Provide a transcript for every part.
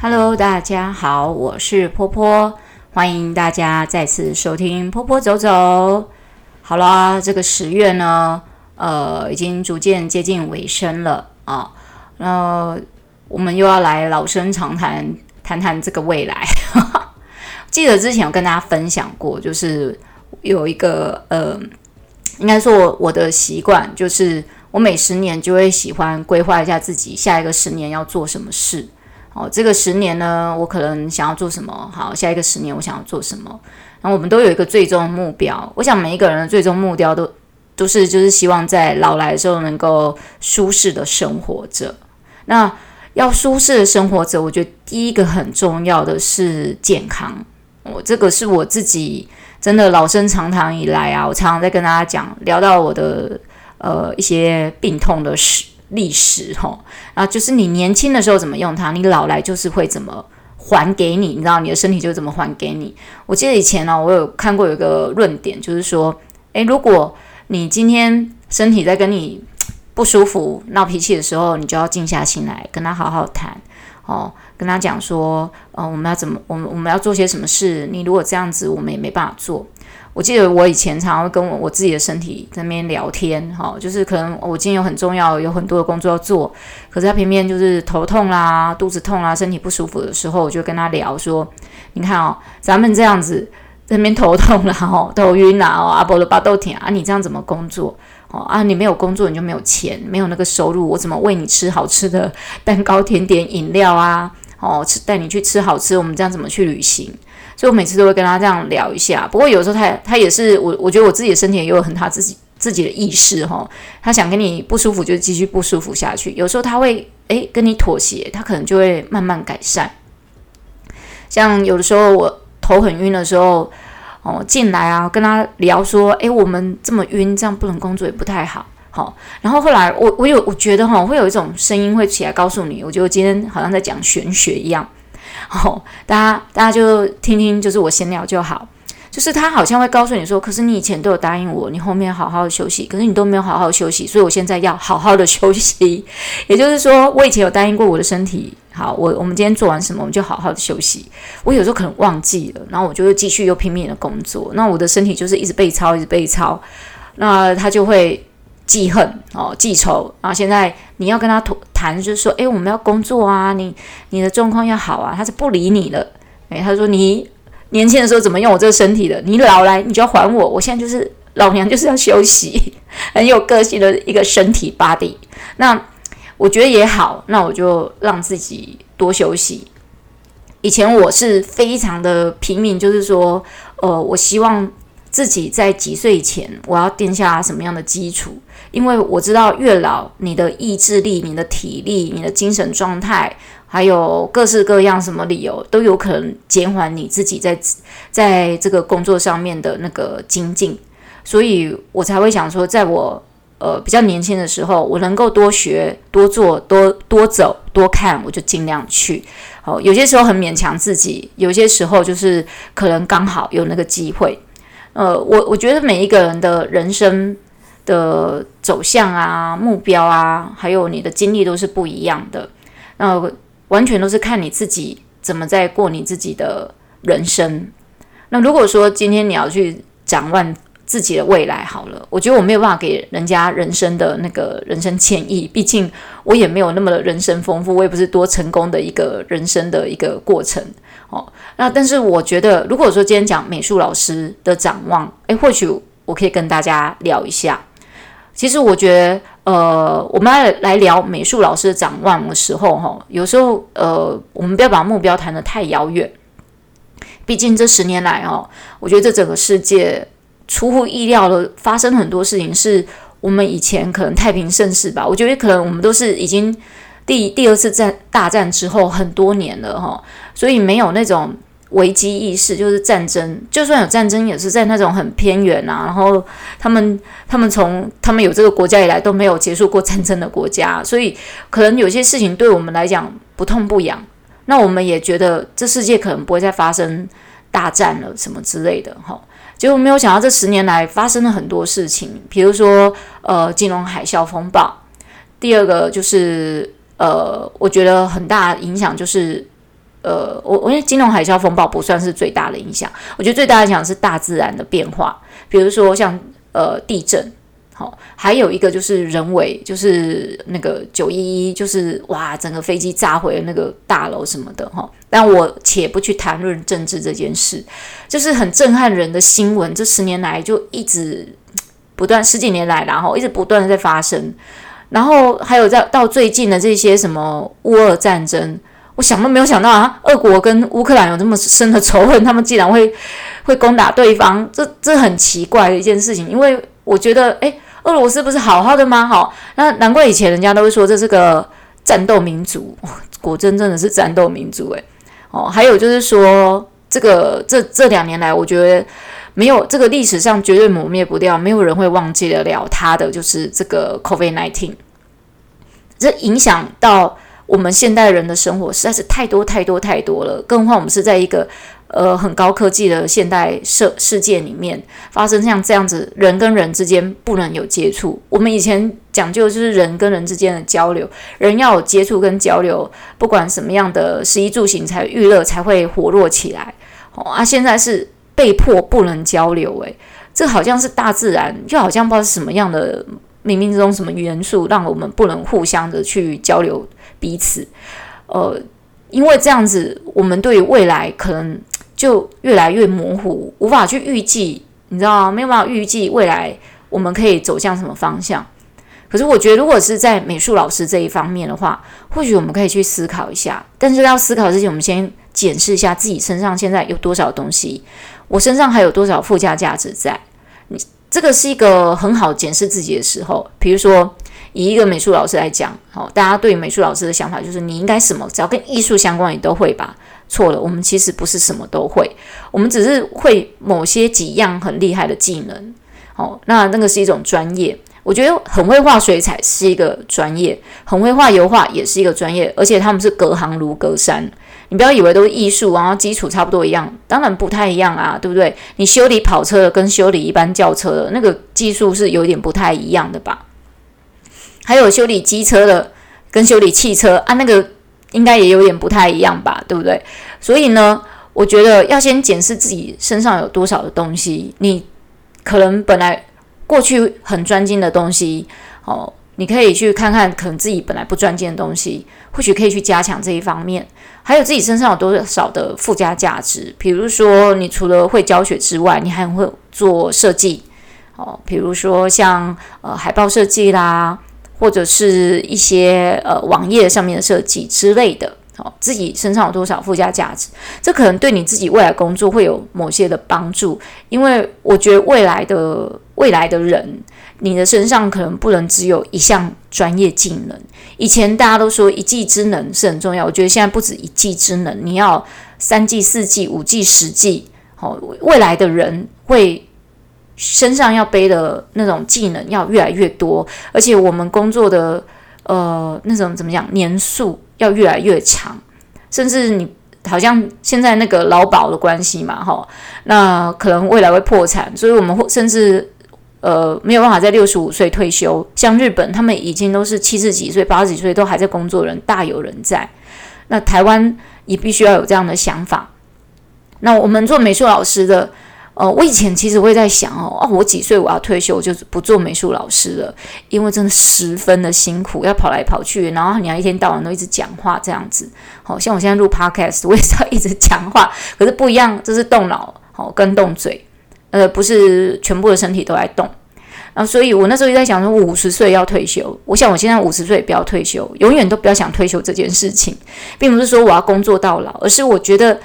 Hello，大家好，我是波波，歡迎大家再次收聽波波走走。好啦，這個十月呢，呃，已經逐漸接近尾聲了啊。那、呃、我們又要來老生常談，談談這個未來。哈哈，記得之前有跟大家分享過，就是有一個呃，應該說我的習慣，就是我每十年就會喜歡規劃一下自己下一個十年要做什麼事。哦，這個十年呢，我可能想要做什麼？好，下一個十年我想要做什麼？然後我們都有一個最終目標。我想每一個人的最終目標都都是就是希望在老來的時候能夠舒適的生活着。那要舒適的生活着，我覺得第一個很重要的是健康。我、哦、這個是我自己真的老生常談以來啊，我常常在跟大家講，聊到我的呃一些病痛的事。歷史吼，啊，就是你年輕的時候怎麼用它，你老來就是會怎麼還給你，你知道，你的身體就怎麼還給你。我記得以前呢、啊，我有看過有一個論點，就是說，哎，如果你今天身體在跟你不舒服、鬧脾氣的時候，你就要靜下心來跟他好好談，哦，跟他講說，哦、呃，我們要怎麼，我們我們要做些什麼事？你如果這樣子，我們也沒辦法做。我記得我以前常，常會跟我，我自己的身體在那邊聊天，哈、哦，就是可能我今天有很重要，有很多的工作要做，可是他偏偏就是頭痛啦、肚子痛啦、身體不舒服的時候，我就跟他聊說：“你看哦，咱們這樣子在那邊頭痛啦，哦，頭暈啦，哦、啊，阿波的巴豆田啊，你這樣怎麼工作？哦啊，你沒有工作，你就沒有錢，沒有那個收入，我怎麼餵你吃好吃的蛋糕、甜點、飲料啊？哦，吃帶你去吃好吃，我們這樣怎麼去旅行？”所以，我每次都會跟他這樣聊一下。不過，有時候他他也是我，我覺得我自己的身體也有很他自己自己的意識哈、哦。他想跟你不舒服，就繼續不舒服下去。有時候他會誒跟你妥協，他可能就會慢慢改善。像有的時候我頭很暈的時候，哦進來啊跟他聊說，誒，我們這麼暈，這樣不能工作也不太好，好、哦。然後後來我我有我覺得哈、哦，會有一種聲音會起來告訴你，我覺得我今天好像在講玄學一樣。好、哦，大家大家就聽聽，就是我閒聊就好。就是他好像會告訴你說，可是你以前都有答應我，你後面好好休息，可是你都沒有好好休息，所以我現在要好好的休息。也就是說，我以前有答應過我的身體，好，我我們今天做完什麼，我們就好好的休息。我有時候可能忘記了，然後我就繼續又拼命的工作，那我的身體就是一直被操，一直被操，那他就會。記恨哦，記仇啊！然後現在你要跟他談，就是說，誒，我們要工作啊，你你的狀況要好啊，他是不理你的。誒，他說你年輕的時候怎麼用我這個身體的？你老來你就要還我，我現在就是老娘就是要休息，很有個性的一個身體 body。那我覺得也好，那我就讓自己多休息。以前我是非常的拼命，就是說，呃，我希望。自己在幾歲以前，我要定下什麼樣的基礎？因為我知道越老，你的意志力、你的體力、你的精神狀態，還有各式各樣什麼理由，都有可能減緩你自己在在這個工作上面的那個精進。所以我才會想說，在我呃比較年輕的時候，我能夠多學、多做、多多走、多看，我就盡量去。好、哦，有些時候很勉強自己，有些時候就是可能剛好有那個機會。呃，我我覺得每一個人的人生的走向啊、目標啊，還有你的經歷都是不一樣的。那完全都是看你自己怎麼在過你自己的人生。那如果說今天你要去展望自己的未來，好了，我覺得我沒有辦法給人家人生的那個人生建議，畢竟我也沒有那麼的人生豐富，我也不是多成功的一個人生的一個過程。哦，那但是我覺得，如果說今天講美術老師的展望，誒，或許我可以跟大家聊一下。其實我覺得，呃，我們來來聊美術老師的展望的時候，哈、哦，有時候呃，我們不要把目標談得太遙遠。畢竟這十年來，哦，我覺得這整個世界出乎意料的發生很多事情，是我們以前可能太平盛世吧？我覺得可能我們都是已經。第第二次戰大戰之後很多年了哈，所以沒有那種危機意識，就是戰爭，就算有戰爭也是在那種很偏遠啊。然後他們他們從他們有這個國家以來都沒有結束過戰爭的國家，所以可能有些事情對我們來講不痛不癢。那我們也覺得這世界可能不會再發生大戰了什麼之類的哈。結果沒有想到這十年來發生了很多事情，比如說呃金融海嘯風暴，第二個就是。呃，我覺得很大影響就是，呃，我我因為金融海嘯風暴不算是最大的影響，我覺得最大的影響是大自然的變化，比如說像呃地震，好、哦，還有一個就是人為，就是那個九一一，就是哇，整個飛機炸毀了那個大樓什麼的哈、哦。但我且不去談論政治這件事，就是很震撼人的新聞，這十年來就一直不斷十幾年來，然後一直不斷的在發生。然後還有到到最近的這些什麼烏俄戰爭，我想都沒有想到啊，俄國跟烏克蘭有這麼深的仇恨，他們竟然會會攻打對方，這這很奇怪的一件事情。因為我覺得，誒，俄羅斯不是好好的嗎？好，那難怪以前人家都會說，這是個戰鬥民族，果真真的是戰鬥民族，欸，誒。哦，還有就是說，這個這這兩年來，我覺得。沒有這個歷史上絕對磨滅不掉，沒有人會忘記得了他的，就是這個 COVID 19，這影響到我們現代人的生活實在是太多太多太多了，更何況我們是在一個呃很高科技的現代社世界裡面發生像這樣子人跟人之間不能有接觸。我們以前講究就是人跟人之間的交流，人要有接觸跟交流，不管什麼樣的食衣住行才娛樂才會活絡起來。哦啊，現在是。被迫不能交流，欸，誒，這個好像是大自然，就好像不知道是什麼樣的，冥冥之中什麼元素，讓我們不能互相的去交流彼此。呃，因為這樣子，我們對於未來可能就越來越模糊，無法去預計，你知道嗎，啊？沒有辦法預計未來我們可以走向什麼方向。可是我覺得，如果是在美術老師這一方面的話，或許我們可以去思考一下。但是要思考之前，我們先檢視一下自己身上現在有多少東西。我身上還有多少附加價值在？你這個是一個很好檢視自己的時候。比如說，以一個美術老師來講，好，大家對於美術老師的想法就是你應該什麼只要跟藝術相關你都會吧？錯了，我們其實不是什麼都會，我們只是會某些幾樣很厲害的技能。好，那那個是一種專業。我覺得很會畫水彩是一個專業，很會畫油畫也是一個專業，而且他們是隔行如隔山。你不要以為都是藝術，然後基礎差不多一樣，當然不太一樣啊，對不對？你修理跑車的跟修理一般轎車的那個技術是有點不太一樣的吧？還有修理機車的跟修理汽車，啊，那個應該也有點不太一樣吧，對不對？所以呢，我覺得要先檢視自己身上有多少的東西，你可能本來過去很專精的東西，哦。你可以去看看，可能自己本來不專精的東西，或許可以去加強這一方面。還有自己身上有多少的附加價值，比如說你除了會教學之外，你還會做設計哦，比如說像呃海報設計啦，或者是一些呃網頁上面的設計之類的。哦，自己身上有多少附加價值，這可能對你自己未來工作會有某些的幫助，因為我覺得未來的未來的人。你的身上可能不能只有一項專業技能。以前大家都說一技之能是很重要，我覺得現在不止一技之能，你要三技、四技、五技、十技。好、哦，未來的人會身上要背的那種技能要越來越多，而且我們工作的呃那種怎麼講年數要越來越長，甚至你好像現在那個勞保的關係嘛，哈、哦，那可能未來會破產，所以我們會甚至。呃，沒有辦法在六十五歲退休，像日本他們已經都是七十幾歲、八十幾歲都還在工作的人，大有人在。那台灣也必須要有這樣的想法。那我們做美術老師的，呃，我以前其實會在想哦，哦，我幾歲我要退休，我就是不做美術老師了，因為真的十分的辛苦，要跑來跑去，然後你要一天到晚都一直講話這樣子。好，哦，像我現在錄 Podcast，我也是要一直講話，可是不一樣，這、就是動腦哦，跟動嘴。呃，不是全部的身體都在動。然後，啊，所以我那時候就在想說，我五十歲要退休。我想，我現在五十歲也不要退休，永遠都不要想退休這件事情，並不是說我要工作到老，而是我覺得，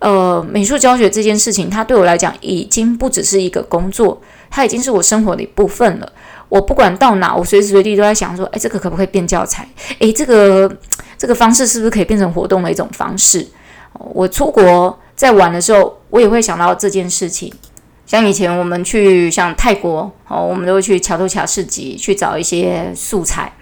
呃，美術教學這件事情，它對我來講已經不只是一個工作，它已經是我生活的一部分了。我不管到哪，我隨時隨地都在想說，哎，這個可不可以變教材？哎，這個這個方式是不是可以變成活動的一種方式？我出國在玩的時候，我也會想到這件事情。像以前我們去像泰國，哦，我們都會去橋頭橋市集去找一些素材。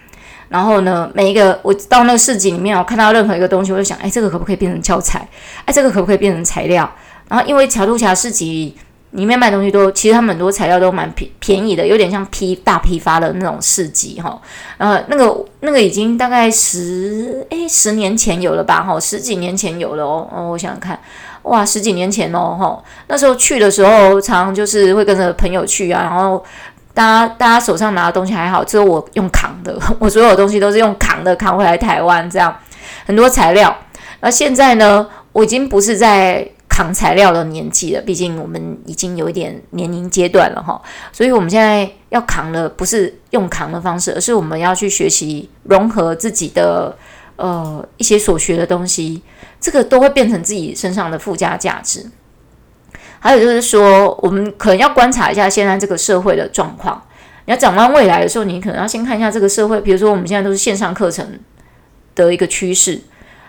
然後呢，每一個我到那個市集裡面，我看到任何一個東西，我就想，哎，這個可不可以變成教材？哎，這個可不可以變成材料？然後因為橋頭橋市集裡面賣東西都，其實他們很多材料都蠻便便宜的，有點像批大批發的那種市集哈。哦，然後那個那個已經大概十哎十年前有了吧？哈，十幾年前有了哦。哦，我想想看。哇，十幾年前哦，吼，那時候去的時候，常常就是會跟着朋友去啊，然後大家大家手上拿的東西還好，只有我用扛的，我所有東西都是用扛的扛回來台灣，這樣很多材料。那現在呢，我已經不是在扛材料的年紀了，畢竟我們已經有一點年齡階段了吼，所以我們現在要扛的不是用扛的方式，而是我們要去學習融合自己的。呃，一些所學的東西，這個都會變成自己身上的附加價值。還有就是說，我們可能要觀察一下現在這個社會的狀況。你要展望未來的時候，你可能要先看一下這個社會。比如說，我們現在都是線上課程的一個趨勢。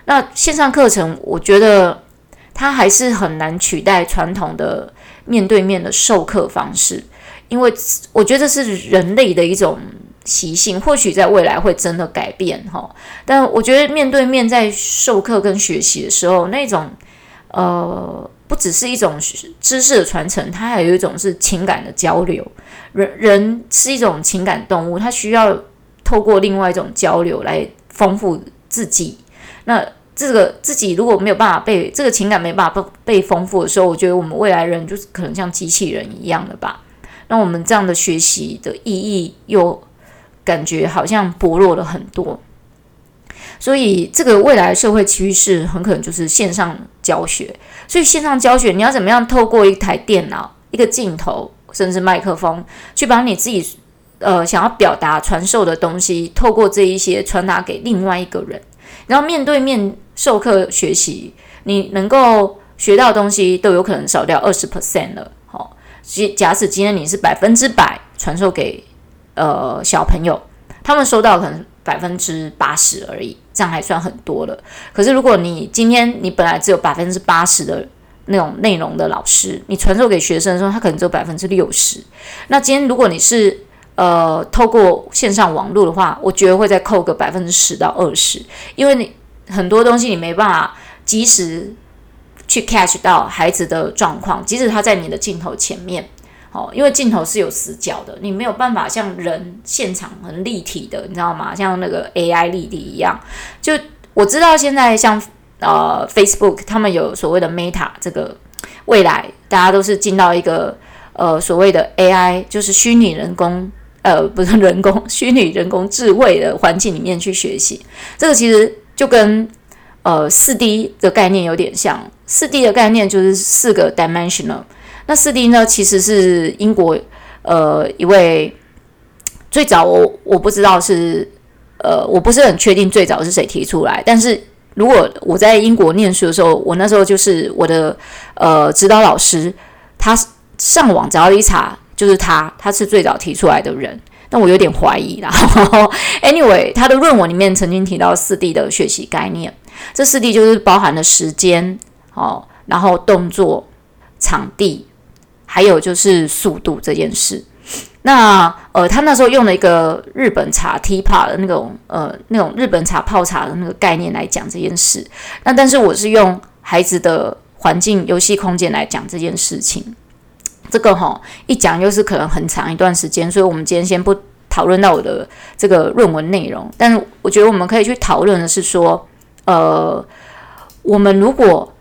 那線上課程，我覺得它還是很難取代傳統的面對面的授課方式，因為我覺得這是人類的一種。習性或許在未來會真的改變哈，但我覺得面對面在授課跟學習的時候，那種呃，不只是一種知識的傳承，它還有一種是情感的交流。人人是一種情感動物，它需要透過另外一種交流來豐富自己。那這個自己如果沒有辦法被這個情感沒辦法被豐富的時候，我覺得我們未來人就是可能像機器人一樣的吧。那我們這樣的學習的意義又？感覺好像薄弱了很多，所以這個未來社會趨勢很可能就是線上教學。所以線上教學，你要怎麼樣透過一台電腦、一個鏡頭甚至麥克風，去把你自己呃想要表達、傳授的東西，透過這一些傳達給另外一個人，然後面對面授課學習，你能夠學到的東西都有可能少掉二十 percent 了。好，哦，即假使今天你是百分之百傳授給。呃，小朋友，他們收到可能百分之八十而已，這樣還算很多了。可是如果你今天你本來只有百分之八十的那種內容的老師，你傳授給學生的時候，他可能只有百分之六十。那今天如果你是呃透過線上網絡的話，我覺得會再扣個百分之十到二十，因為你很多東西你沒辦法及時去 catch 到孩子的狀況，即使他在你的鏡頭前面。哦，因為鏡頭是有死角的，你沒有辦法像人現場很立體的，你知道嗎？像那個 AI 立體一樣，就我知道現在像、呃、Facebook 他們有所謂的 Meta 這個未來，大家都是進到一個呃所謂的 AI，就是虛擬人工呃不是人工虛擬人工智慧的環境裡面去學習。這個其實就跟呃四 D 的概念有點像，四 D 的概念就是四個 dimensional。那四 D 呢，其實是英國，呃，一位最早我、我不知道是，呃，我不是很確定最早是誰提出來。但是如果我在英國念書的時候，我那時候就是我的呃指導老師，他上網只要一查就是他，他是最早提出來的人。但我有點懷疑啦。Anyway，他的論文裡面曾經提到四 D 的學習概念，這四 D 就是包含了時間哦，然後動作、場地。還有就是速度這件事，那呃，他那時候用了一個日本茶 TIPA 的那種呃那種日本茶泡茶的那個概念來講這件事，那但是我是用孩子的環境遊戲空間來講這件事情，這個吼、哦、一講又是可能很長一段時間，所以我們今天先不討論到我的這個論文內容，但是我覺得我們可以去討論的是說，呃，我們如果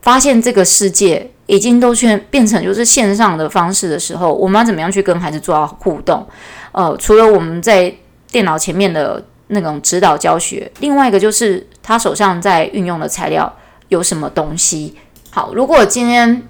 發現這個世界。已經都全變成就是線上的方式的時候，我們要怎麼樣去跟孩子做好互動？呃，除了我們在電腦前面的那種指導教學，另外一個就是他手上在運用的材料有什麼東西。好，如果今天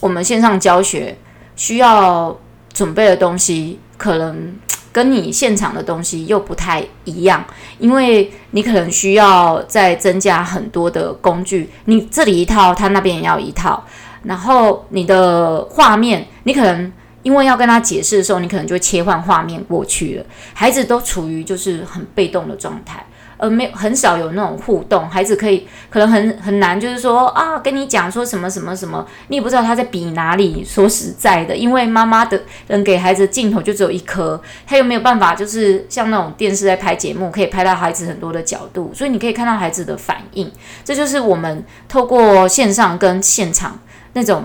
我們線上教學需要準備的東西，可能跟你現場的東西又不太一樣，因為你可能需要再增加很多的工具，你這裡一套，他那邊也要一套。然後你的畫面，你可能因為要跟他解釋的時候，你可能就會切換畫面過去了。孩子都處於就是很被動的狀態，而沒有很少有那種互動。孩子可以可能很很難，就是說啊，跟你講說什麼什麼什麼，你也不知道他在比哪裡。說實在的，因為媽媽的能給孩子的鏡頭就只有一顆，他又沒有辦法就是像那種電視在拍節目，可以拍到孩子很多的角度，所以你可以看到孩子的反應。這就是我們透過線上跟現場。那種，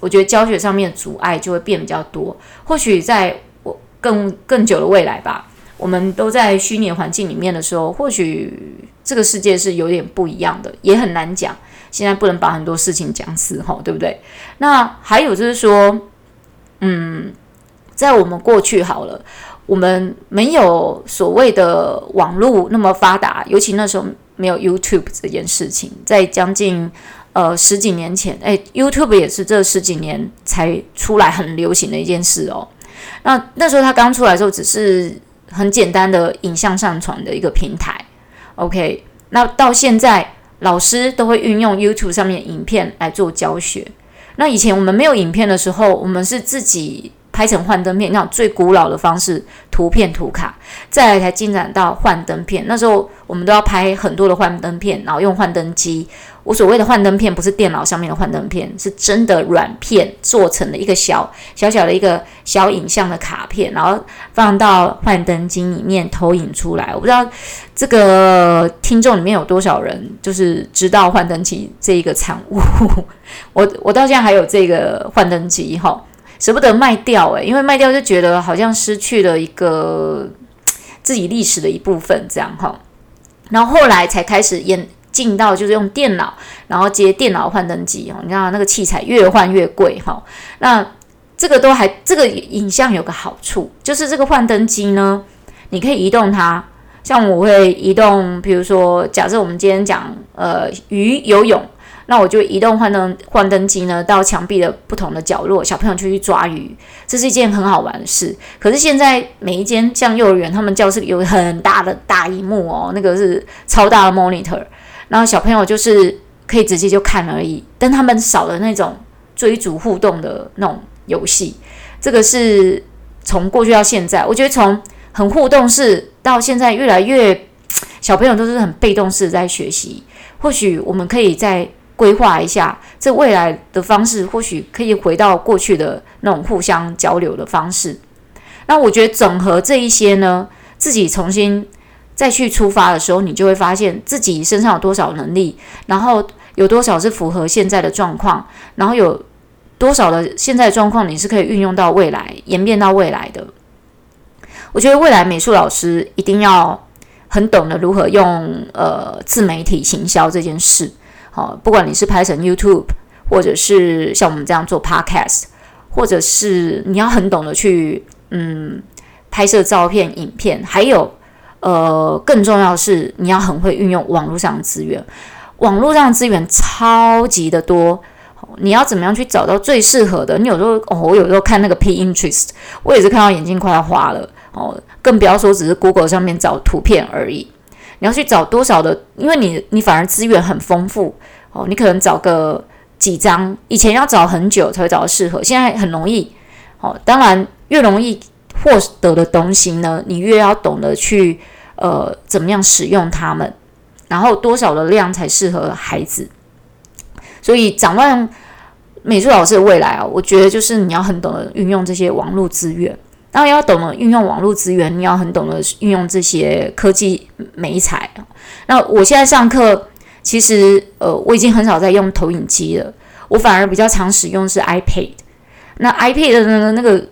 我覺得教學上面的阻礙就會變比較多。或許在我更更久的未來吧，我們都在虛擬環境裡面的時候，或許這個世界是有點不一樣的，也很難講。現在不能把很多事情講死吼，對不對？那還有就是說，嗯，在我們過去好了，我們沒有所謂的網絡那麼發達，尤其那時候沒有 YouTube 這件事情，在將近。呃，十幾年前，哎，YouTube 也是這十幾年才出來很流行的一件事哦。那那時候它剛出來的時候，只是很簡單的影像上傳的一個平台。OK，那到現在，老師都會運用 YouTube 上面的影片來做教學。那以前我們沒有影片的時候，我們是自己。拍成幻燈片，那種最古老的方式，圖片、圖卡，再來才進展到幻燈片。那時候我們都要拍很多的幻燈片，然後用幻燈機。我所謂的幻燈片，不是電腦上面的幻燈片，是真的軟片做成的一個小小小的一個小影像的卡片，然後放到幻燈機裡面投影出來。我不知道這個聽眾裡面有多少人就是知道幻燈機這一個產物。 我我到現在還有這個幻燈機哈。吼捨不得賣掉哎、欸，因為賣掉就覺得好像失去了一個自己歷史的一部分，這樣哈。然後後來才開始演進到就是用電腦，然後接電腦幻燈機哦。你知道那個器材越換越貴哈。那這個都還這個影像有個好處，就是這個幻燈機呢，你可以移動它。像我會移動，比如說假設我們今天講呃魚游泳。那我就移動幻燈幻燈機呢，到牆壁的不同的角落，小朋友就去抓魚，這是一件很好玩的事。可是現在每一間像幼兒園，他們教室裡有很大的大螢幕哦，那個是超大的 monitor，然後小朋友就是可以直接就看而已，但他們少了那種追逐互動的那種遊戲。這個是從過去到現在，我覺得從很互動式到現在越來越小朋友都是很被動式在學習。或許我們可以在。規劃一下，這未來的方式，或許可以回到過去的那種互相交流的方式。那我覺得整合這一些呢，自己重新再去出發的時候，你就會發現自己身上有多少能力，然後有多少是符合現在的狀況，然後有多少的現在狀況你是可以運用到未來、演變到未來的。我覺得未來美術老師一定要很懂得如何用呃自媒體行銷這件事。哦，不管你是拍成 YouTube，或者是像我們這樣做 Podcast，或者是你要很懂得去嗯拍攝照片、影片，還有呃更重要的是，你要很會運用網絡上的資源。網絡上的資源超級的多，你要怎麼樣去找到最適合的？你有時候哦，我有時候看那個 Pinterest，我也是看到眼睛快要花了哦。更不要說只是 Google 上面找圖片而已。你要去找多少的？因為你你反而資源很豐富哦，你可能找個幾張，以前要找很久才會找到適合，現在很容易哦。當然，越容易獲得的東西呢，你越要懂得去呃怎麼樣使用它們，然後多少的量才適合孩子。所以，展望美術老師的未來啊，我覺得就是你要很懂得運用這些網絡資源。那要懂得運用網絡資源，你要很懂得運用這些科技媒材。那我現在上課，其實呃，我已經很少在用投影機了，我反而比較常使用是 iPad。那 iPad 的那個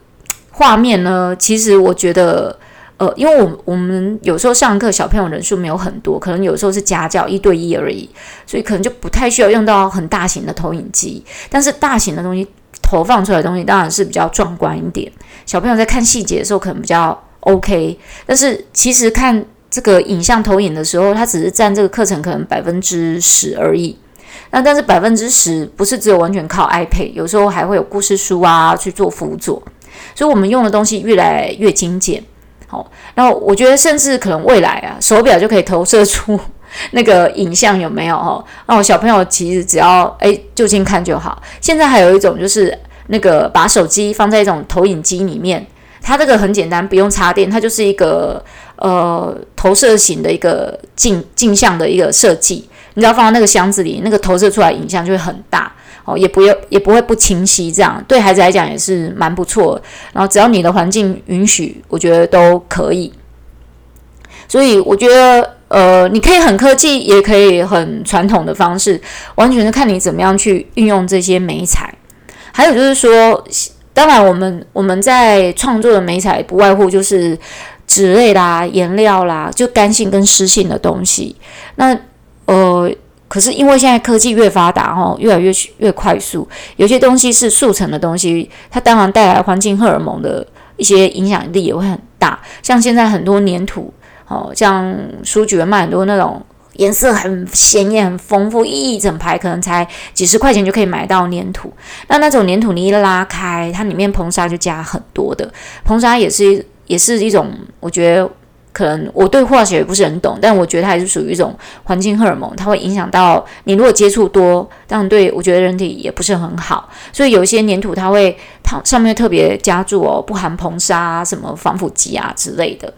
畫面呢，其實我覺得呃，因為我我們有時候上課小朋友人數沒有很多，可能有時候是家教一對一而已，所以可能就不太需要用到很大型的投影機。但是大型的東西。投放出來的東西當然是比較壯觀一點，小朋友在看細節的時候可能比較 OK，但是其實看這個影像投影的時候，它只是佔這個課程可能百分之十而已。那但是百分之十不是只有完全靠 iPad，有時候還會有故事書啊去做輔佐，所以我們用的東西越來越精簡。好，然後我覺得甚至可能未來啊，手錶就可以投射出。那個影像有沒有哦？那我小朋友其實只要哎、欸、就近看就好。現在還有一種就是那個把手機放在一種投影機裡面，它這個很簡單，不用插電，它就是一個呃投射型的一個鏡鏡像的一個設計。你只要放到那個箱子裡，那個投射出來影像就會很大哦，也不用也不會不清晰，這樣對孩子來講也是蠻不錯的。然後只要你的環境允許，我覺得都可以。所以我覺得。呃，你可以很科技，也可以很傳統的方式，完全是看你怎麼樣去運用這些媒材。還有就是說，當然我們我們在創作的媒材不外乎就是紙類啦、顏料啦，就乾性跟濕性的東西。那呃，可是因為現在科技越發達，哈，越來越越快速，有些東西是速成的東西，它當然帶來環境荷爾蒙的一些影響力也會很大。像現在很多黏土。哦，像書局會賣很多那種顏色很鮮豔、很豐富，一整排可能才幾十塊錢就可以買到黏土。那那種黏土，你一拉開，它裡面硼砂就加很多的。硼砂也是，也是一種，我覺得可能我對化學也不是很懂，但我覺得它還是屬於一種環境荷爾蒙，它會影響到你，如果接觸多，這樣對我覺得人體也不是很好。所以有一些黏土它會，它上面特別加注哦，不含硼砂、什麼防腐劑啊之類的。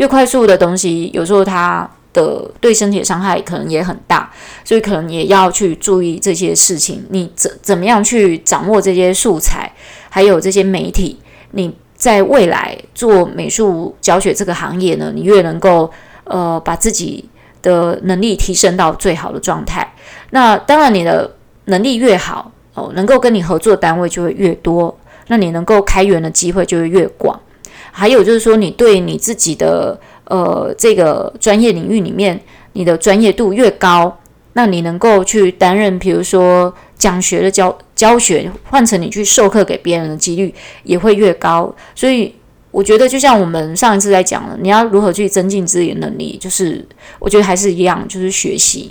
越快速的東西，有時候它的對身體的傷害可能也很大，所以可能也要去注意這些事情。你怎怎麼樣去掌握這些素材，還有這些媒體？你在未來做美術教學這個行業呢？你越能夠呃把自己的能力提升到最好的狀態，那當然你的能力越好哦，能夠跟你合作單位就會越多，那你能夠開源的機會就會越廣。還有就是說，你對你自己的呃這個專業領域裡面，你的專業度越高，那你能夠去擔任，比如說講學的教教學，換成你去授課給別人的幾率也會越高。所以我覺得，就像我們上一次在講的，你要如何去增進自己的能力，就是我覺得還是一樣，就是學習。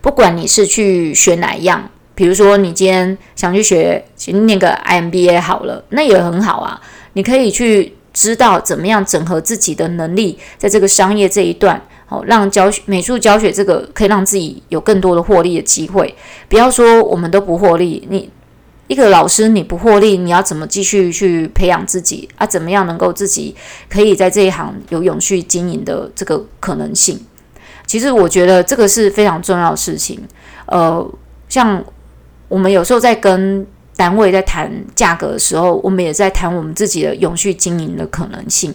不管你是去學哪一樣，比如說你今天想去學，去念個 MBA 好了，那也很好啊。你可以去知道怎麼樣整合自己的能力，在這個商業這一段，哦，讓教學美術教學這個可以讓自己有更多的獲利的機會。不要說我們都不獲利，你一個老師你不獲利，你要怎麼繼續去培養自己啊？怎麼樣能夠自己可以在這一行有永續經營的這個可能性？其實我覺得這個是非常重要的事情。呃，像我們有時候在跟。單位在談價格的時候，我們也在談我們自己的永續經營的可能性。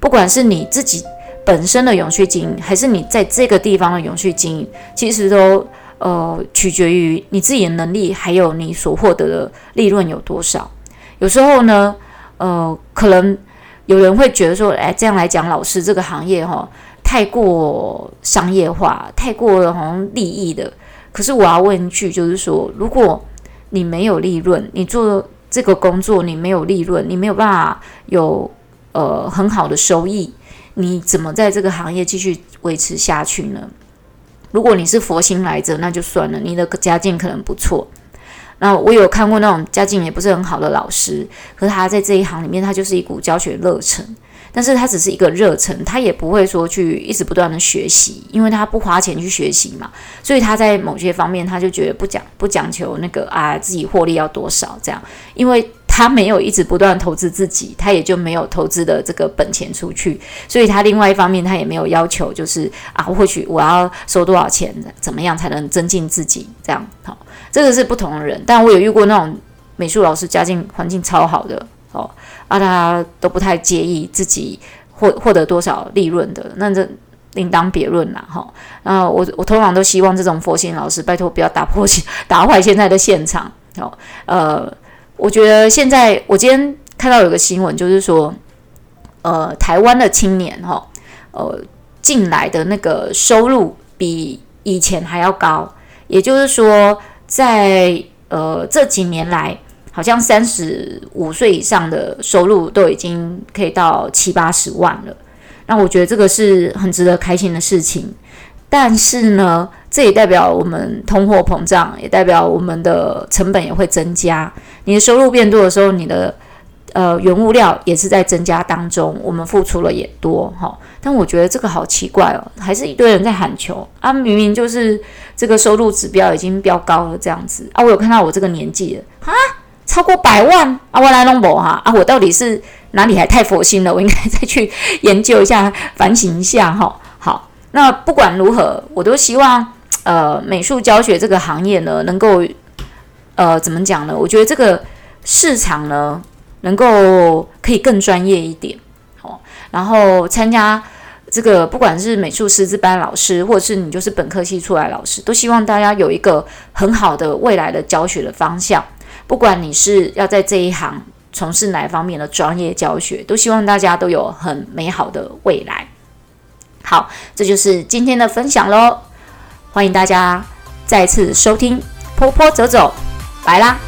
不管是你自己本身的永續經營，還是你在這個地方的永續經營，其實都呃取決於你自己的能力，還有你所獲得的利潤有多少。有時候呢，呃，可能有人會覺得說，哎，這樣來講，老師這個行業哈，太過商業化，太過了，好像利益的。可是我要問一句，就是說，如果你沒有利潤，你做這個工作，你沒有利潤，你沒有辦法有呃很好的收益，你怎麼在這個行業繼續維持下去呢？如果你是佛心來着，那就算了，你的家境可能不錯。那我有看過那種家境也不是很好的老師，可是他在這一行裡面，他就是一股教學熱忱。但是他只是一個熱忱，他也不會說去一直不斷的學習，因為他不花錢去學習嘛。所以他在某些方面，他就覺得不講不講求那個啊，自己獲利要多少這樣，因為他沒有一直不斷投資自己，他也就沒有投資的這個本錢出去。所以他另外一方面，他也沒有要求就是啊，或許我要收多少錢，怎麼樣才能增進自己這樣、哦這個是不同的人，但我有遇過那種美術老師，家境環境超好的哦，啊，他都不太介意自己獲獲得多少利潤的，那這另當別論啦，哈、哦。那、啊、我我通常都希望這種佛心老師，拜託不要打破現打壞現在的現場，哦。呃，我覺得現在我今天看到有個新聞，就是說，呃，台灣的青年哈、哦，呃，進來的那個收入比以前還要高，也就是說。在呃，這幾年來，好像三十五歲以上的收入都已經可以到七八十萬了。那我覺得這個是很值得開心的事情。但是呢，這也代表我們通貨膨脹，也代表我們的成本也會增加。你的收入變多的時候，你的。呃，原物料也是在增加當中，我們付出了也多哈、哦。但我覺得這個好奇怪哦，還是一堆人在喊求，啊。明明就是這個收入指標已經飆高了這樣子啊。我有看到我這個年紀了啊，超過百萬啊，我來弄不哈啊，我到底是哪裡還太佛心了？我應該再去研究一下，反省一下哈、哦。好，那不管如何，我都希望呃，美術教學這個行業呢，能夠呃，怎麼講呢？我覺得這個市場呢。能夠可以更專業一點，好。然後參加這個不管是美術師資班老師，或者是你就是本科系出來老師，都希望大家有一個很好的未來的教學的方向。不管你是要在這一行從事哪方面的專業教學，都希望大家都有很美好的未來。好，這就是今天的分享嘍，歡迎大家再次收聽坡坡走走，拜啦。